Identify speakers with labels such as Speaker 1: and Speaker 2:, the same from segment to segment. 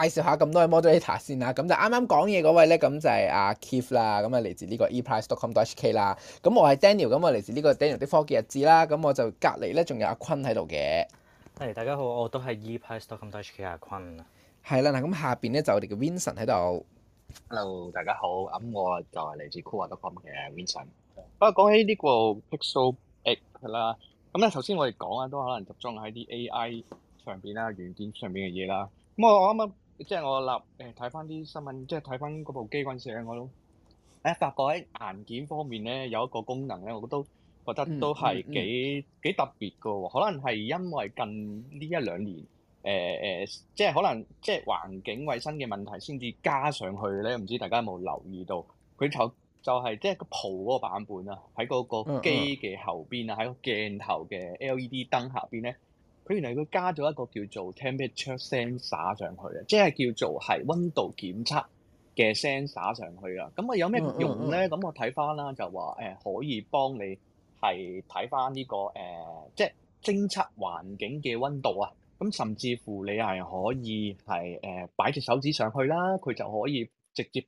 Speaker 1: 介紹下咁多嘅 Moderator 先、啊、剛剛啦，咁就啱啱講嘢嗰位咧，咁就係阿 Keith 啦，咁啊嚟自呢個 eprice.com.hk 啦，咁我係 Daniel，咁我嚟自呢個 Daniel 的科技日誌啦，咁我就隔離咧，仲有阿坤喺度嘅。
Speaker 2: 誒，大家好，我都係 eprice.com.hk 阿坤啊。
Speaker 1: 係啦，嗱，咁下邊咧就我哋嘅 Vincent
Speaker 3: 喺度。
Speaker 2: Hello，大家好，咁我就係嚟自 Qooah.com 嘅 Vincent。
Speaker 3: 不過、啊、講起呢個 Pixel 8啦，咁咧頭先我哋講啊，都可能集中喺啲 AI 上邊啦、軟件上邊嘅嘢啦，咁我啱啱。即係我立誒睇翻啲新聞，即係睇翻嗰部機陣時，我都誒發覺喺硬件方面咧有一個功能咧，我都覺得都係幾幾特別嘅喎。可能係因為近呢一兩年誒誒，即係可能即係環境衞生嘅問題先至加上去咧。唔知大家有冇留意到佢就就係即係個 Pro 嗰個版本啊，喺嗰個機嘅後邊啊，喺個鏡頭嘅 LED 燈下邊咧。原來佢加咗一個叫做 temperature sensor 上去啊，即係叫做係溫度檢測嘅 sensor 上去啊。咁啊有咩用咧？咁我睇翻啦，就話誒可以幫你係睇翻呢個誒，即係偵測環境嘅溫度啊。咁甚至乎你係可以係誒擺隻手指上去啦，佢就可以直接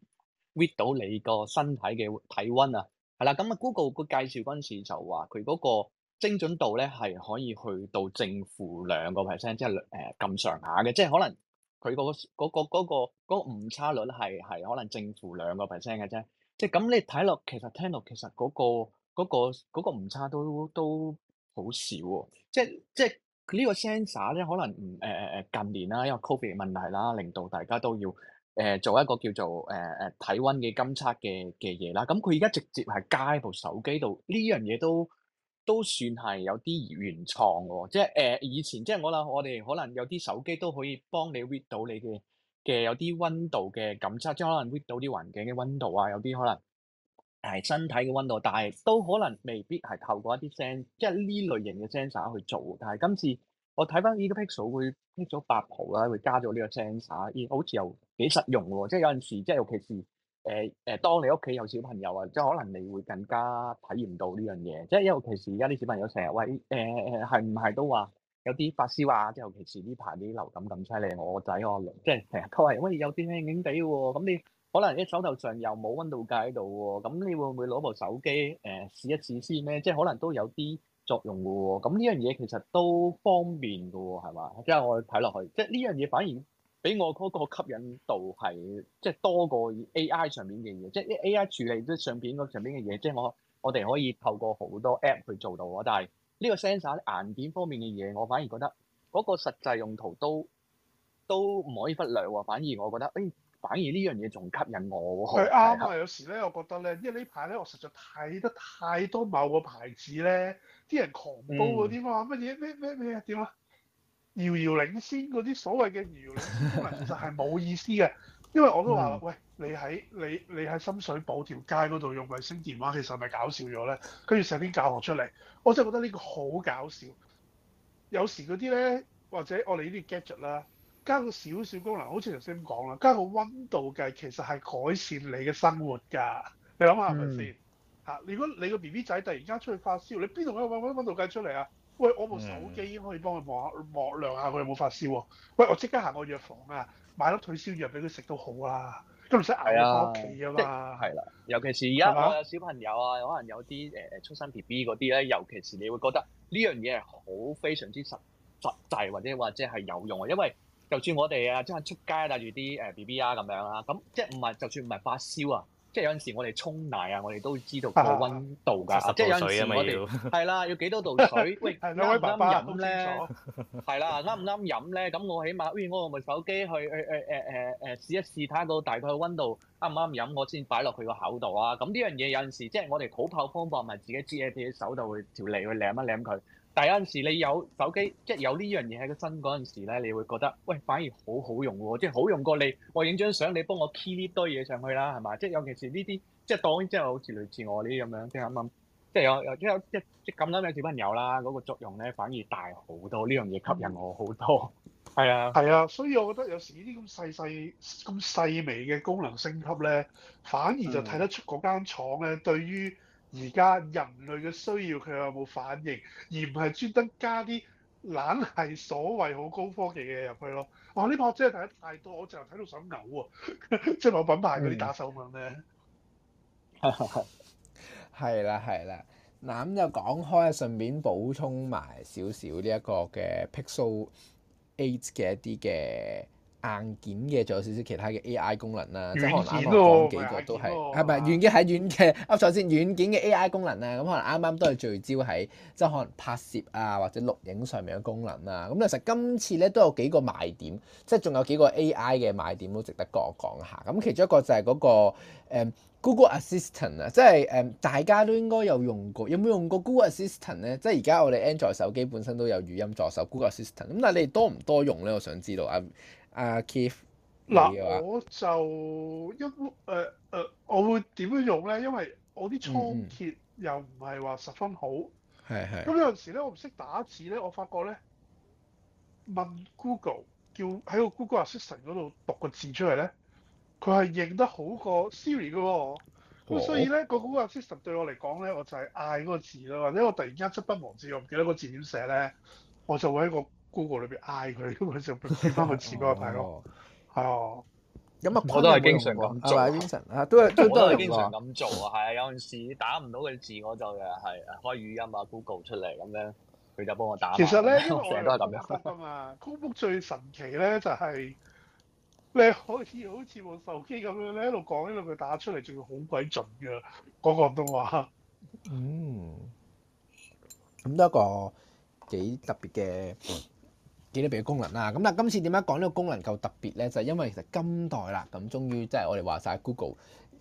Speaker 3: read 到你個身體嘅體溫啊。係、嗯、啦，咁啊 Google 佢介紹嗰陣時就話佢嗰個。精準度咧係可以去到正負兩個 percent，即係誒咁上下嘅，即係、呃、可能佢、那個嗰、那個嗰、那個、那個誤差率係係可能正負兩個 percent 嘅啫。即係咁你睇落，其實聽落，其實嗰、那個嗰、那個那個誤差都都好少喎、哦。即係即係呢個 sensor 咧，可能唔誒誒誒近年啦，因為 COVID 問題啦，令到大家都要誒、呃、做一個叫做誒誒、呃、體温嘅監測嘅嘅嘢啦。咁佢而家直接係加喺部手機度，呢樣嘢都。都算係有啲原創嘅、哦，即係誒、呃，以前即係我諗，我哋可能有啲手機都可以幫你 read 到你嘅嘅有啲溫度嘅感測，即係可能 read 到啲環境嘅溫度啊，有啲可能係、哎、身體嘅溫度，但係都可能未必係透過一啲聲，即係呢類型嘅 sensor 去做。但係今次我睇返呢個 Pixel 會 pick 咗八 Pro 啦，會加咗呢個 sensor，好似又幾實用嘅、哦，即係有陣時即係尤其是……誒誒，當你屋企有小朋友啊，即係可能你會更加體驗到呢樣嘢，即係尤其是而家啲小朋友成日喂，誒誒係唔係都話有啲發燒啊？即係尤其是呢排啲流感咁犀利，我個仔我即係成日都話，喂有啲輕輕地喎、哦，咁你可能你手頭上又冇溫度計喺度喎，咁你會唔會攞部手機誒、呃、試一試先咧？即係可能都有啲作用噶喎、哦，咁呢樣嘢其實都方便噶、哦，係嘛？即係我睇落去，即係呢樣嘢反而。俾我嗰個吸引度係即係多過 A.I. 上面嘅嘢，即係 A.I. 處理啲相片上面嘅嘢，即係我我哋可以透過好多 app 去做到啊。但係呢個 sensor 硬件方面嘅嘢，我反而覺得嗰個實際用途都都唔可以忽略喎、哦。反而我覺得誒、哎，反而呢樣嘢仲吸引我喎。啱啊！
Speaker 4: 有時咧，我覺得咧，因為呢排咧，我實在睇得太多某個牌子咧，啲人狂煲嗰啲話乜嘢咩咩咩啊點啊！遙遙領先嗰啲所謂嘅遙遙領先，其實係冇意思嘅，因為我都話： 喂，你喺你你喺深水埗條街嗰度用衞星電話，其實係咪搞笑咗咧？跟住成啲教學出嚟，我真係覺得呢個好搞笑。有時嗰啲咧，或者我哋呢啲 gadget 啦，加個少少功能，好似頭先咁講啦，加個温度計其實係改善你嘅生活㗎。你諗下係咪先？嚇！ 如果你個 B B 仔突然間出去發燒，你邊度揾揾揾温度計出嚟啊？喂，我部手機可以幫佢望下，下、望量下佢有冇發燒喎、啊。喂，我即刻行去藥房啊，買粒退燒藥俾佢食都好啦，都唔使捱屋企啊嘛。係
Speaker 3: 啦、啊，尤其是而家我有小朋
Speaker 4: 友啊，可能有啲
Speaker 3: 誒誒出生 B B 嗰啲咧，尤其是你會覺得呢樣嘢係好非常之實實際，或者或者係有用啊。因為就算我哋啊，即係出街帶住啲誒 B B 啊咁樣啦、啊，咁即係唔係就算唔係發燒啊。即係有陣時我哋沖奶啊，我哋都知道個温度㗎，
Speaker 2: 即係有陣時我哋係
Speaker 3: 啦，要幾多度水？喂，啱唔啱飲咧？係啦，啱唔啱飲咧？咁我起碼，我用部手機去去去誒誒誒試一試，睇下個大概温度啱唔啱飲，我先擺落佢個口度啊。咁呢樣嘢有陣時，即係我哋土炮方法，咪自己黐自己手度，條脷去舐一舐佢。但有陣時你有手機，即係有呢樣嘢喺個身嗰陣時咧，你會覺得，喂，反而好好用喎，哦，即係好用過你。我影張相，你幫我 key 啲堆嘢上去啦，係嘛？即係尤其是呢啲，即係當即係好似類似我呢啲咁樣，即係咁，即係有有即係即係咁啱有小朋友啦，嗰、那個作用咧，反而大好
Speaker 4: 多。呢樣嘢吸引我好多。係啊，係啊，所以我覺得有時呢啲咁細細咁細微嘅功能升級咧，反而就睇得出嗰間廠咧對於而家人類嘅需要，佢有冇反應，而唔係專登加啲懶係所謂好高科技嘅嘢入去咯。哇、啊！呢個真係睇得太多，我淨係睇到想嘔啊！即 係我品牌嗰啲打手問咧，
Speaker 1: 係啦係啦。嗱 咁就講開啊，順便補充埋少少呢一個嘅 Pixel Eight 嘅一啲嘅。硬件嘅，仲有少少其他嘅 AI 功能啦，即係可能啱啱講幾個都係，係咪？係？軟件係軟件，啱錯先。軟件嘅 AI 功能啦，咁、嗯、可能啱啱都係聚焦喺即係可能拍攝啊或者錄影上面嘅功能啦、啊。咁、嗯、其實今次咧都有幾個賣點，即係仲有幾個 AI 嘅賣點都值得講講下。咁、嗯、其中一個就係嗰、那個、嗯、Google Assistant 啊，即係誒大家都應該有用過，有冇用過 Google Assistant 咧？即係而家我哋 Android 手機本身都有語音助手 Google Assistant，咁但係你哋多唔多用咧？我想知道啊。嗯阿 Keith 嗱，我
Speaker 4: 就一，誒、呃、誒、呃，我會點樣用咧？因為我啲倉頡又唔係話十分好，
Speaker 1: 係係、
Speaker 4: 嗯。咁、嗯、有陣時咧，我唔識打字咧，我發覺咧，問 Google 叫喺個 Google Assistant 嗰度讀個字出嚟咧，佢係認得好過 Siri 嘅喎、哦。咁、哦、所以咧，個 Google Assistant 對我嚟講咧，我就係嗌嗰個字咯，或者我突然間執筆忘字，我唔記得個字點寫咧，我就會喺個 Google 裏邊嗌佢，咁我就拎翻個字俾我打咯。係啊，咁啊，我都係經常咁做。Vincent 啊，都係都都係經常咁做
Speaker 3: 啊。係啊，有陣時打唔到嘅字，我就係開語音啊，Google 出嚟咁樣，佢就幫我打。其實咧，成日都係咁樣。咁
Speaker 4: 嘛，Google 最神奇咧就係你可以好似部手機咁樣咧，一路講一路佢打出嚟，仲要好鬼準嘅，講廣東話。嗯，
Speaker 1: 咁都一個幾特別嘅。幾多別嘅功能啦，咁啊今次點解講呢個功能夠特別咧？就係、是、因為其實今代啦，咁終於即係我哋話晒 Google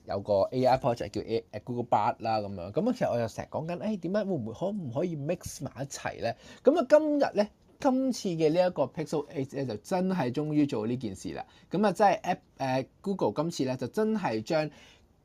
Speaker 1: 有個 AI project 叫 A Google Bard 啦咁樣，咁其實我又成日講緊誒點解會唔會可唔可以 mix 埋一齊咧？咁啊今日咧今次嘅呢一個 Pixel 8咧就真係終於做呢件事啦，咁啊即係 App 誒 Google 今次咧就真係將。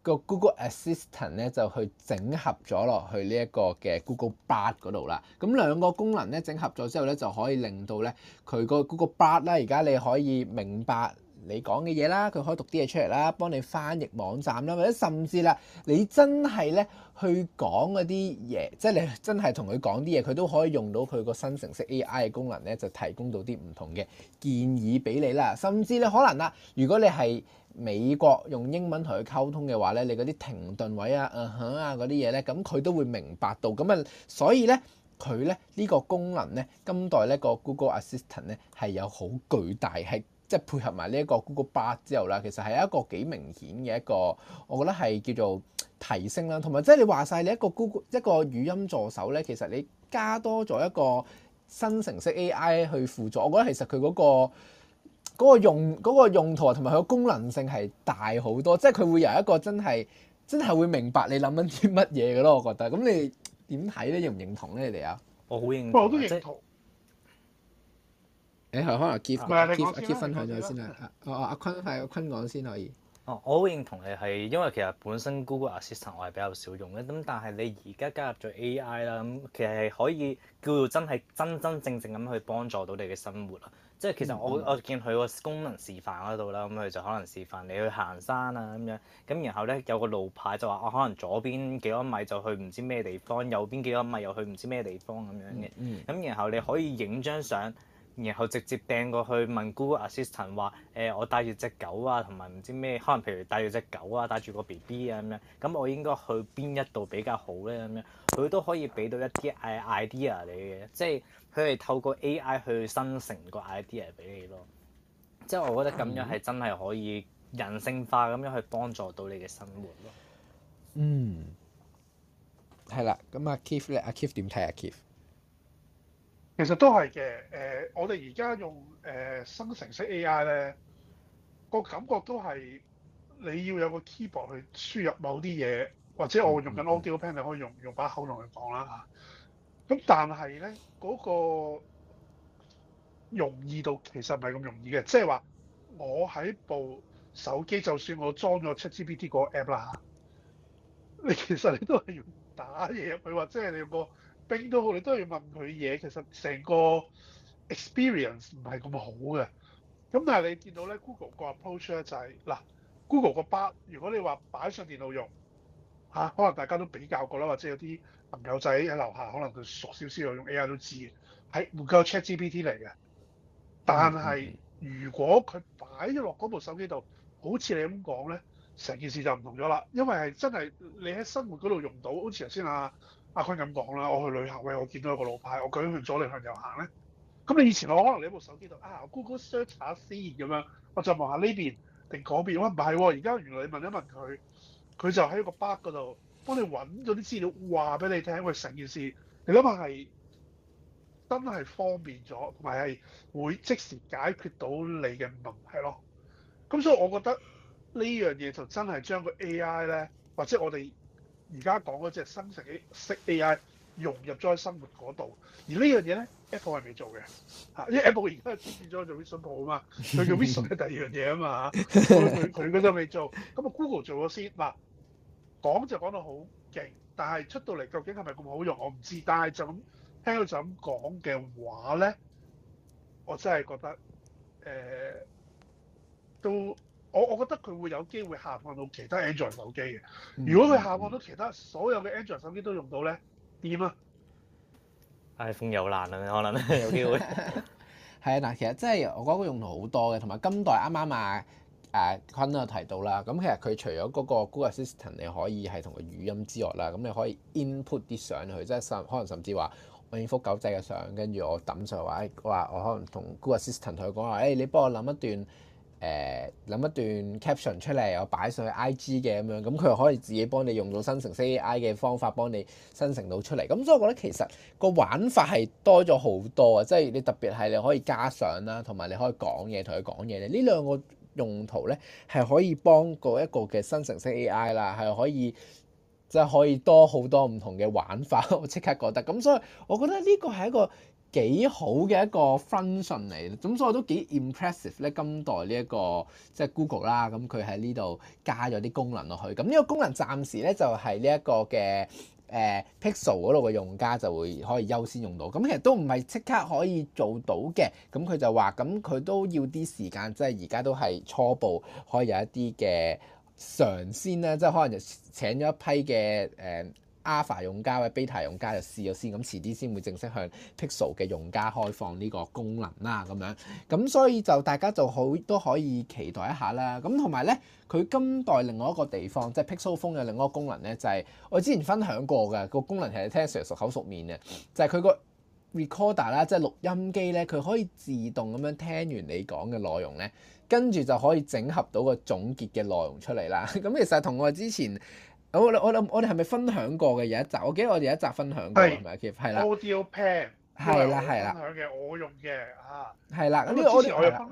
Speaker 1: 個 Google Assistant 咧就去整合咗落去呢一個嘅 Google Bard 嗰度啦，咁兩個功能咧整合咗之後咧就可以令到咧佢個 Google Bard 咧而家你可以明白。你講嘅嘢啦，佢可以讀啲嘢出嚟啦，幫你翻譯網站啦，或者甚至啦，你真係咧去講嗰啲嘢，即係你真係同佢講啲嘢，佢都可以用到佢個新程式 AI 嘅功能咧，就提供到啲唔同嘅建議俾你啦。甚至咧，可能啦，如果你係美國用英文同佢溝通嘅話咧，你嗰啲停頓位啊、啊、嗯、哼啊嗰啲嘢咧，咁佢都會明白到。咁啊，所以咧，佢咧呢個功能咧，今代咧個 Google Assistant 咧係有好巨大係。即係配合埋呢一個 Google Bard，之後啦，其實係一個幾明顯嘅一個，我覺得係叫做提升啦。同埋即係你話晒你一個 Google 一個語音助手呢，其實你加多咗一個新程式 AI 去輔助，我覺得其實佢嗰、嗰個嗰個用嗰、嗰個、用途同埋佢嘅功能性係大好多。即係佢會有一個真係真係會明白你諗緊啲乜嘢嘅咯。我覺得咁你點睇呢？認唔認同呢？你哋啊，我好認，認同。哦你係可能結，唔係你結婚咗先啦。哦、啊，阿、啊啊、坤快，阿、啊、坤講先可以。
Speaker 2: 哦、啊，我好認同你係，因為其實本身 Google Assistant 我係比較少用嘅，咁但係你而家加入咗 AI 啦，咁其實係可以叫做真係真真正正咁去幫助到你嘅生活啊！即係其實我我見佢個功能示範嗰度啦，咁佢就可能示範你去行山啊咁樣，咁然後咧有個路牌就話我、啊、可能左邊幾多米就去唔知咩地方，右邊幾多米又去唔知咩地方咁樣嘅。咁、嗯嗯嗯、然後你可以影張相。然後直接掟過去問 Google Assistant 話：誒，我帶住隻狗啊，同埋唔知咩，可能譬如帶住隻狗啊，帶住個 BB 啊咁樣，咁我應該去邊一度比較好咧咁樣？佢都可以俾到一啲誒 idea 你嘅，即係佢係透過 AI 去生成個 idea 俾你咯。即係我覺得咁樣係真係可以人性化咁樣去幫助到你嘅生活咯。嗯，
Speaker 1: 係啦。咁阿 Keith 咧，阿 Keith 點睇阿 Keith？
Speaker 2: 其實都係
Speaker 4: 嘅，誒、呃，我哋而家用誒生成式 AI 咧，個感覺都係你要有個 keyboard 去輸入某啲嘢，或者我用緊 audio pen 你可以用用把口同佢講啦嚇。咁但係咧，嗰個容易度其實唔係咁容易嘅，即係話我喺部手機就算我裝咗 ChatGPT 嗰個 app 啦嚇，你其實你都係用打嘢，佢話即係你用個。冰都好，你都係要問佢嘢。其實成個 experience 唔係咁好嘅。咁但係你見到咧，Google 個 approach 咧就係、是、嗱，Google 個 Bard，如果你話擺上電腦用嚇、啊，可能大家都比較過啦，或者有啲朋友仔喺樓下，可能佢熟少少用 AI 都知嘅。係唔夠 ChatGPT 嚟嘅。但係如果佢擺咗落嗰部手機度，好似你咁講咧，成件事就唔同咗啦。因為係真係你喺生活嗰度用到，好似頭先啊。阿坤咁講啦，我去旅行喂，我見到一個路牌，我究竟向左行定向右行咧？咁你以前我可能喺部手機度啊，Google search 下先咁樣，我就望下呢邊定嗰邊。哇，唔係喎，而家原來你問一問佢，佢就喺個 Bard 嗰度幫你揾咗啲資料話俾你聽。喂，成件事你諗下係真係方便咗，同埋係會即時解決到你嘅問題咯。咁、哦、所以我覺得呢樣嘢就真係將個 AI 咧，或者我哋。而家講嗰隻生成式 AI 融入咗喺生活嗰度，而呢樣嘢咧，Apple 係未做嘅，嚇，因為 Apple 而家變咗做 Vision Pro 啊嘛，佢叫 Vision 係第二樣嘢啊嘛，嚇，佢佢佢都未做，咁啊 Google 做咗先，嗱講就講到好勁，但係出到嚟究竟係咪咁好用我唔知，但係就咁聽佢就咁講嘅話咧，我真係覺得誒都。我我覺得佢會有機會下放到其他 Android 手機嘅。如果佢下放到其他所有嘅 Android 手機都用到咧，點
Speaker 2: 啊？iPhone 又難啦，可能有機會。
Speaker 1: 係啊，嗱，其實真係我覺得個用途好多嘅。同埋今代啱啱啊誒坤、都、有提到啦，咁其實佢除咗嗰個 Google Assistant 你可以係同個語音之外啦，咁你可以 input 啲上去，即係甚可能甚至話我影幅狗仔嘅相，跟住我抌上去話，話我可能同 Google Assistant 佢講話，誒、欸、你幫我諗一段。誒諗一段 caption 出嚟，我擺上去 IG 嘅咁樣，咁佢又可以自己幫你用到生成式 AI 嘅方法幫你生成到出嚟。咁所以我覺得其實個玩法係多咗好多啊！即係你特別係你可以加上啦，同埋你可以講嘢同佢講嘢咧。呢兩個用途咧係可以幫個一個嘅生成式 AI 啦，係可以即係、即係、可以多好多唔同嘅玩法。我即刻覺得，咁所以我覺得呢個係一個。幾好嘅一個 function 嚟，咁所以我都幾 impressive 咧，今代呢、這個就是、一個即係 Google 啦，咁佢喺呢度加咗啲功能落去，咁呢個功能暫時咧就係呢一個嘅誒、呃、Pixel 嗰度嘅用家就會可以優先用到，咁其實都唔係即刻可以做到嘅，咁佢就話咁佢都要啲時間，即係而家都係初步可以有一啲嘅嘗鮮咧，即係可能就請咗一批嘅誒。呃阿 l 用家或者 Beta 用家就試咗先，咁遲啲先會正式向 Pixel 嘅用家開放呢個功能啦，咁樣咁所以就大家就好都可以期待一下啦。咁同埋呢，佢今代另外一個地方，即係 Pixel 風嘅另外一個功能呢，就係、是、我之前分享過嘅、這個功能，其實聽 s 熟口熟面嘅，就係、是、佢個 Recorder 啦，即係錄音機呢，佢可以自動咁樣聽完你講嘅內容呢，跟住就可以整合到個總結嘅內容出嚟啦。咁 其實同我之前。Oh, 我我我哋係咪分享過嘅有一集？我記得我哋有一集分享過，唔係 k 係啦。啊啊、Audio Pen 係啦係啦，分
Speaker 4: 享嘅我用嘅啊。係啦，咁我我我、啊、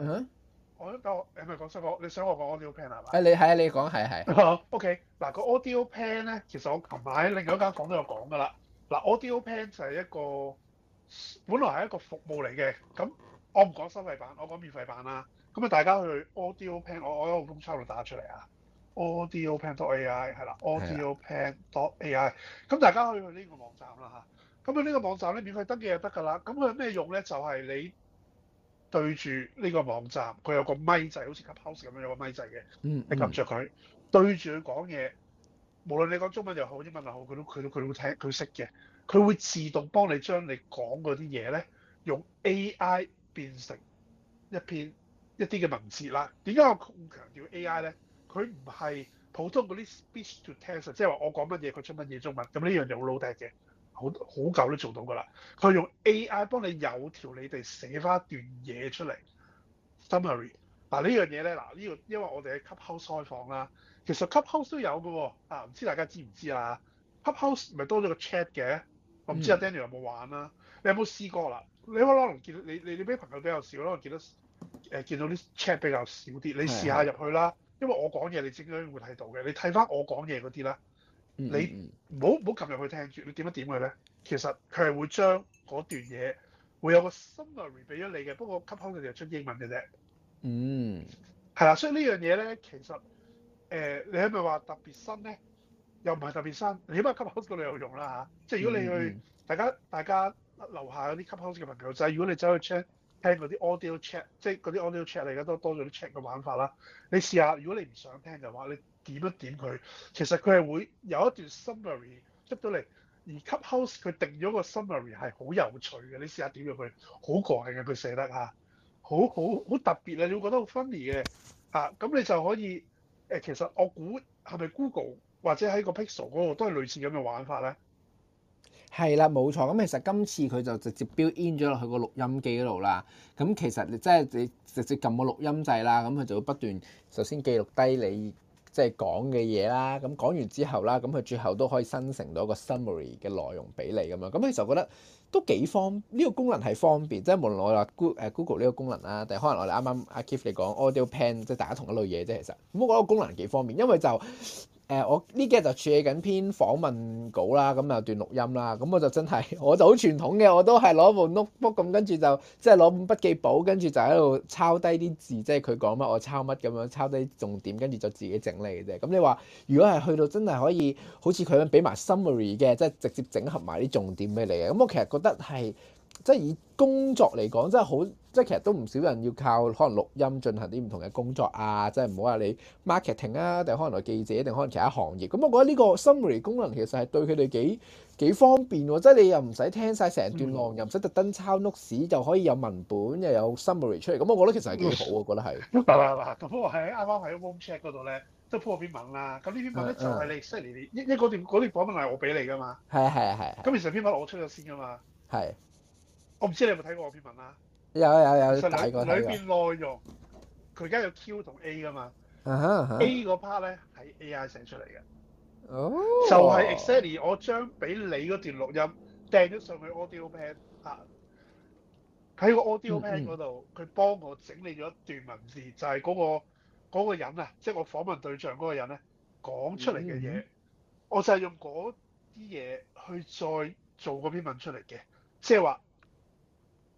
Speaker 4: 我，你唔講先講，你想我講 Audio Pen 係
Speaker 1: 嘛？你係啊，你講係啊係。
Speaker 4: O K 嗱個 Audio Pen 咧，其實我琴晚喺另外一間房都有講噶啦。嗱 Audio Pen 就係一個本來係一個服務嚟嘅，咁我唔講收費版，我講免費版啦。咁啊大家去 Audio Pen，我我喺度抄到打出嚟啊。Audio Pen AI 係啦 Audio Pen AI 咁大家可以去呢個網站啦嚇。咁啊呢個網站咧免費登記又得㗎啦。咁佢有咩用咧？就係、是、你對住呢個網站，佢有個咪掣，好似 Clubhouse 咁樣有個咪掣嘅。嗯。你撳著佢，對住佢講嘢，無論你講中文又好，英文又好，佢都佢都佢都會聽，佢識嘅。佢會自動幫你將你講嗰啲嘢咧，用 A.I. 變成一篇一啲嘅文字啦。點解我強調 A.I. 咧？佢唔係普通嗰啲 speech to text，即係話我講乜嘢佢出乜嘢中文，咁呢樣就好 low tech 嘅，好好久都做到噶啦。佢用 AI 幫你有條理地寫翻一段嘢出嚟，summary。嗱 Sum、啊、呢樣嘢咧，嗱呢個因為我哋喺 Clubhouse 開放啦，其實 Clubhouse 都有嘅喎。啊，唔知大家知唔知啊？Clubhouse 咪多咗個 chat 嘅，嗯、我唔知阿 Daniel 有冇玩啦、啊？你有冇試過啦？你可能見到你你你啲朋友比較少，可能見到，誒見到啲 chat 比較少啲，你試下入去啦。因為我講嘢，你應該會睇到嘅、mm。Hmm. 你睇翻我講嘢嗰啲啦，你唔好唔好撳入去聽住。你點一點佢咧？其實佢係會將嗰段嘢會有個 summary 俾咗你嘅，不過 captions 就出英文嘅啫、
Speaker 2: mm。嗯，
Speaker 4: 係啦，所以呢樣嘢咧，其實誒、呃，你係咪話特別新咧？又唔係特別新，起碼 captions 嗰度有用啦、啊、嚇。Mm hmm. 即係如果你去大家大家樓下嗰啲 captions 嘅朋友仔，如果你走去 check。聽嗰啲 audio chat，即係嗰啲 audio chat，你而家都多咗啲 chat 嘅玩法啦。你試下，如果你唔想聽就話你點一點佢，其實佢係會有一段 summary 出到嚟，而 Clubhouse 佢定咗個 summary 係好有趣嘅。你試下點咗佢，好過癮嘅佢寫得嚇，好好好特別啊！你會覺得好 funny 嘅嚇，咁、啊、你就可以誒，其實我估係咪 Google 或者喺個 Pixel 嗰、那、度、個、都係類似咁嘅玩法咧？
Speaker 1: 係啦，冇錯。咁、嗯、其實今次佢就直接 build in 咗落去個錄音機嗰度啦。咁其實你即係你直接撳個錄音掣啦，咁佢就會不斷首先記錄低你即係講嘅嘢啦。咁、嗯、講完之後啦，咁、嗯、佢最後都可以生成到一個 summary 嘅內容俾你咁樣。咁、嗯、其實我覺得都幾方呢、呢個功能係方便。即係無論我話 Google 呢個功能啦，定係可能我哋啱啱阿 Kip 你講 Audio Pen，即係大家同一類嘢啫。其實咁我覺得個功能幾方便，因為就。誒、呃、我呢幾日就處理緊篇訪問稿啦，咁有段錄音啦，咁我就真係我就好傳統嘅，我都係攞部 notebook，咁跟住就即係攞本筆記簿，跟住就喺度抄低啲字，即係佢講乜我抄乜咁樣，抄低重點，跟住就自己整理嘅啫。咁你話如果係去到真係可以好似佢咁俾埋 summary 嘅，即係直接整合埋啲重點俾你嘅，咁我其實覺得係。即係以工作嚟講，真係好，即係其實都唔少人要靠可能錄音進行啲唔同嘅工作啊！即係唔好話你 marketing 啊，定可能係記者，定可能其他行業。咁我覺得呢個 summary 功能其實係對佢哋幾幾方便喎！即係你又唔使聽晒成段落，又唔使特登抄 notes，又可以有文本又有 summary 出嚟。咁我覺得其實係幾好我覺得係。
Speaker 4: 係係係。咁我喺啱啱喺 WhatsApp 嗰度咧，都鋪篇文啦。咁呢篇文咧就係你寫嚟嘅，一一個段嗰段講文係我俾你㗎嘛。係係係。咁其實篇文我出咗先㗎嘛。係。我唔知你有冇睇過我篇文啊。
Speaker 1: 有有有睇過。裏邊
Speaker 4: 內容佢而家有 Q 同 A 㗎嘛？啊哈。A 嗰 part 咧係 AI 寫出嚟嘅。哦。就係 exactly，我將俾你嗰段錄音掟咗上去 AudioPad 啊。喺個 AudioPad 嗰度，佢幫我整理咗一段文字，就係嗰個嗰個人啊，即係我訪問對象嗰個人咧講出嚟嘅嘢。我就係用嗰啲嘢去再做嗰篇文出嚟嘅，即係話，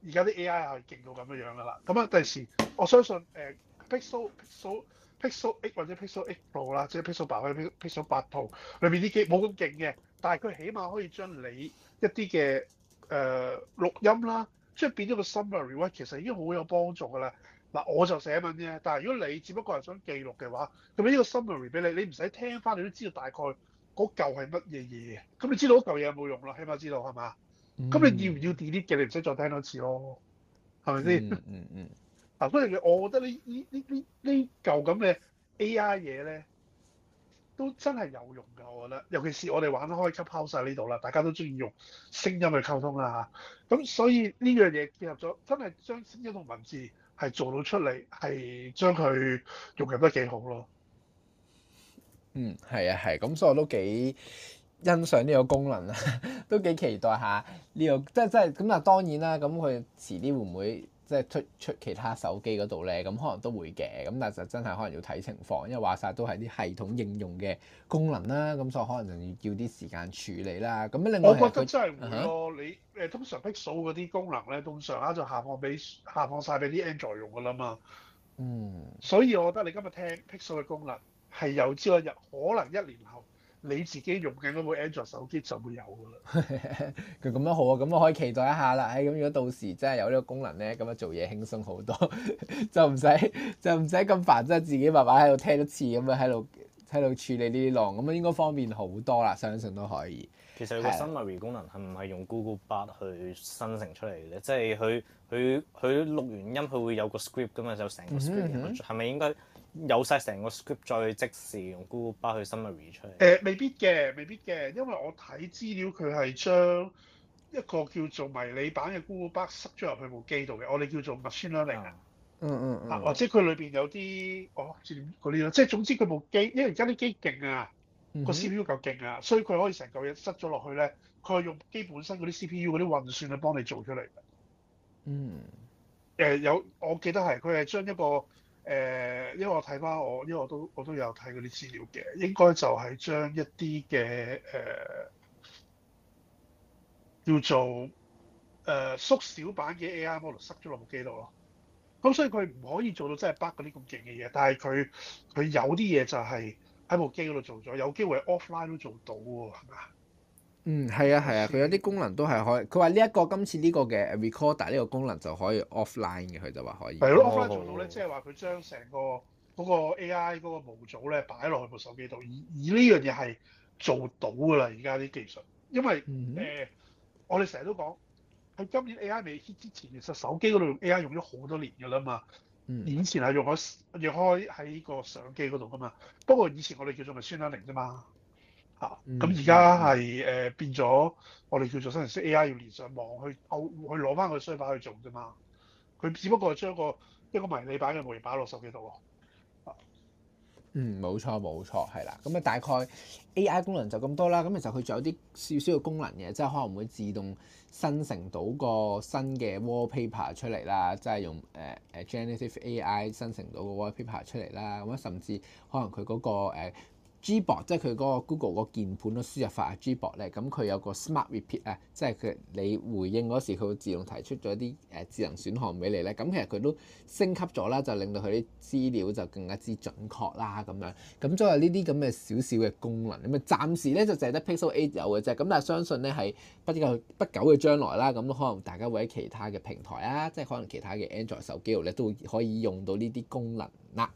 Speaker 4: 而家啲 AI 係勁到咁樣樣㗎啦，咁啊第時我相信誒 Pixel Pixel Pixel X 或者 Pixel X Pro 啦，即係 Pixel 八或者 Pixel 八 Pro 裏面啲機冇咁勁嘅，但係佢起碼可以將你一啲嘅誒錄音啦，將變咗個 summary，其實已經好有幫助㗎啦。嗱，我就寫文啫，但係如果你只不過係想記錄嘅話，咁呢個 summary 俾你，你唔使聽返，你都知道大概嗰嚿係乜嘢嘢。咁你知道嗰嚿嘢有冇用咯？起碼知道係嘛？咁、嗯、你要唔要 delete 嘅？你唔使再聽多次咯，係咪先？嗯嗯。嗱，所以我覺得呢呢呢呢呢呢舊咁嘅 AI 嘢咧，都真係有用㗎。我覺得，尤其是我哋玩開 Clubhouse 呢度啦，大家都中意用聲音去溝通啦嚇。咁所以呢樣嘢結合咗，真係將聲音同文字係做到出嚟，係將佢融入得幾好咯。嗯，
Speaker 1: 係啊，係、啊。咁所以我都幾欣賞呢個功能啊，都幾期待下呢個，即係即係咁啊！當然啦，咁佢遲啲會唔會即係出出其他手機嗰度咧？咁可能都會嘅，咁但係就真係可能要睇情況，因為話晒都係啲系統應用嘅功能啦，咁、啊、所以可能就要要啲時間處理啦。咁、啊、另外，我覺得真
Speaker 4: 係唔咯，啊、你誒通常 Pixel 嗰啲功能咧，通常下就下放俾下放晒俾啲 Android 用㗎啦嘛。嗯。所以我覺得你今日聽 Pixel 嘅功能係有朝一日可能一年後。你自己用嘅嗰部 Android 手機就會有㗎啦。
Speaker 1: 佢咁 樣好啊，咁我可以期待一下啦。誒、哎，咁如果到時真係有呢個功能咧，咁樣做嘢輕鬆好多， 就唔使就唔使咁煩，即係自己慢慢喺度聽一次咁樣喺度喺度處理呢啲浪，咁樣應該方便好多啦，相信都可以。其實個
Speaker 2: summary 功能係唔係用 Google b 巴去生成出嚟咧？即係佢佢佢錄完音，佢會有個 script 咁啊，就成個 script 係咪應該？有晒成個 script 再去即時用 Google 巴去 summary 出
Speaker 4: 嚟。誒、呃，未必嘅，未必嘅，因為我睇資料佢係將一個叫做迷你版嘅 Google 巴塞咗入去部機度嘅。我哋叫做 m a c h i n 麥圈啦嚟嘅。嗯嗯嗯。嗯啊，或者佢裏邊有啲，哦，知點啲咯。即係總之佢部機，因為而家啲機勁啊，嗯、哼個 CPU 夠勁啊，所以佢可以成嚿嘢塞咗落去咧，佢係用基本身嗰啲 CPU 嗰啲運算去幫你做出嚟。嗯。誒、呃，有我記得係佢係將一個。誒、呃，因為我睇返我，因為我都我都有睇嗰啲資料嘅，應該就係將一啲嘅誒叫做誒、呃、縮小版嘅 AI model 塞咗落部機度咯。咁所以佢唔可以做到真係 big 嗰啲咁勁嘅嘢，但係佢佢有啲嘢就係喺部機嗰度做咗，有機會 offline 都做到喎，係嘛？
Speaker 1: 嗯，係啊，係啊，佢有啲功能都係可以。佢話呢一個今次呢個嘅 recorder 呢個功能就可以 offline 嘅，佢就
Speaker 4: 話可以。係咯，offline 做到咧，即係話佢將成個嗰、嗰個 AI 嗰個模組咧擺落去部手機度，而而呢樣嘢係做到㗎啦。而家啲技術，因為誒、mm hmm. 呃，我哋成日都講喺今年 AI 未 heat 之前，其實手機嗰度用 AI 用咗好多年㗎啦嘛。Mm hmm. 以前係用咗用開喺個相機嗰度㗎嘛，不過以前我哋叫做咪雙眼零啫嘛。Hmm. 啊，咁而家係誒變咗，我哋叫做生成式 AI 要連上網去去攞翻個算法去做啫嘛。佢只不過將個一個迷你版嘅模型擺落手機度喎。
Speaker 1: 啊、嗯，冇錯冇錯，係啦。咁啊，大概 AI 功能就咁多啦。咁其實佢仲有啲少少嘅功能嘅，即係可能會自動生成到個新嘅 wallpaper 出嚟啦。即係用誒誒、呃、Generative AI 生成到個 wallpaper 出嚟啦。咁啊，甚至可能佢嗰、嗰個、呃 Gboard 即係佢嗰個 Google 嗰個鍵盤嘅輸入法啊，Gboard 咧，咁佢有個 Smart Repeat 啊，即係佢你回應嗰時，佢會自動提出咗啲誒智能選項俾你咧。咁其實佢都升級咗啦，就令到佢啲資料就更加之準確啦咁樣。咁所以呢啲咁嘅少少嘅功能咁啊。暫時咧就淨係得 Pixel 8有嘅啫。咁但係相信咧係不久不久嘅將來啦，咁可能大家會喺其他嘅平台啊，即係可能其他嘅 Android 手機度咧都可以用到呢啲功能啦。